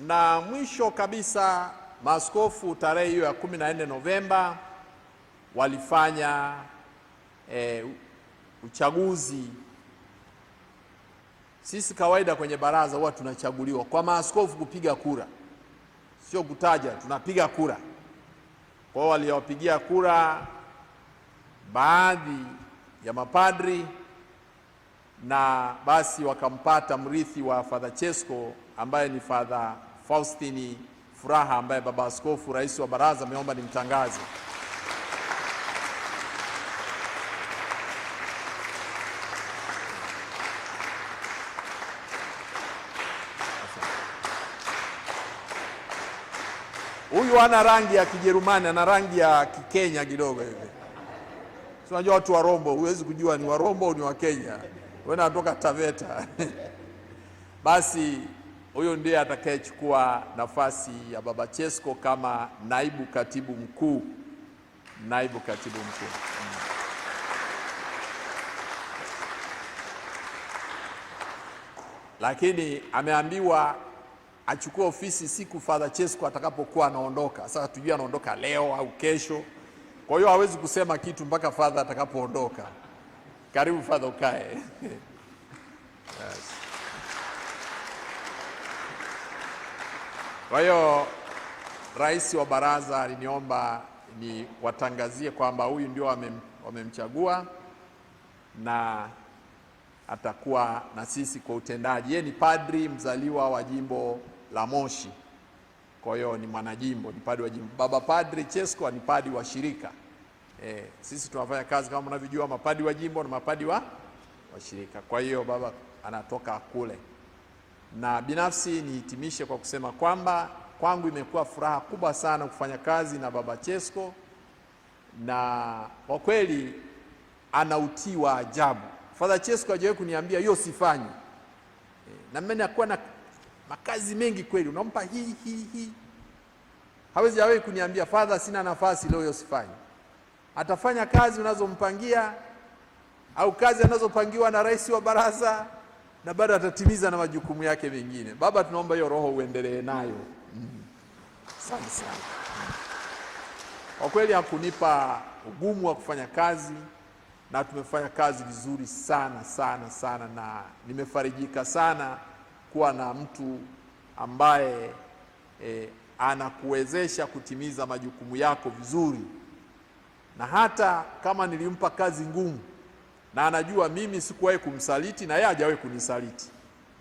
Na mwisho kabisa, maaskofu tarehe hiyo ya 14 Novemba walifanya e, uchaguzi. Sisi kawaida kwenye baraza huwa tunachaguliwa kwa maaskofu kupiga kura, sio kutaja, tunapiga kura. Kwa hiyo waliowapigia kura baadhi ya mapadri na basi wakampata mrithi wa Fadha Chesko ambaye ni Fadha Faustini Furaha ambaye baba askofu rais wa baraza ameomba nimtangaze. Huyu ana rangi ya Kijerumani, ana rangi ya Kikenya kidogo hivi. unajua watu wa Rombo, huwezi kujua ni wa Rombo au ni wa Kenya wewe natoka Taveta basi huyo ndiye atakayechukua nafasi ya Baba Chesko kama naibu katibu mkuu, naibu katibu mkuu. Mm. Lakini ameambiwa achukue ofisi siku Father Chesko atakapokuwa anaondoka. Sasa tujue anaondoka leo au kesho, kwa hiyo hawezi kusema kitu mpaka Father atakapoondoka. Karibu fadha ukae. Yes. Kwa hiyo rais wa baraza aliniomba watangazie kwamba huyu ndio wamemchagua wame na atakuwa na sisi kwa utendaji. Yeye ni padri mzaliwa wa jimbo la Moshi, kwa hiyo ni mwanajimbo, ni padri wa jimbo. Baba Padri Chesko ni padri wa shirika eh, sisi tunafanya kazi kama mnavyojua, mapadi wa jimbo na mapadi wa washirika. Kwa hiyo baba anatoka kule, na binafsi nihitimishe kwa kusema kwamba kwangu imekuwa furaha kubwa sana kufanya kazi na baba Chesko, na kwa kweli ana utii wa ajabu. Father Chesko hajawahi kuniambia hiyo sifanyi, eh, na mimi nakuwa na makazi mengi kweli, unampa hii hii hii, hawezi hawezi kuniambia Father, sina nafasi leo, hiyo sifanyi atafanya kazi unazompangia au kazi anazopangiwa na rais wa baraza, na bado atatimiza na majukumu yake mengine. Baba, tunaomba hiyo roho uendelee nayo. Mm. Asante mm, sana kwa kweli, hakunipa ugumu wa kufanya kazi na tumefanya kazi vizuri sana sana sana, na nimefarijika sana kuwa na mtu ambaye eh, anakuwezesha kutimiza majukumu yako vizuri na hata kama nilimpa kazi ngumu na anajua mimi sikuwahi kumsaliti na yeye hajawahi kunisaliti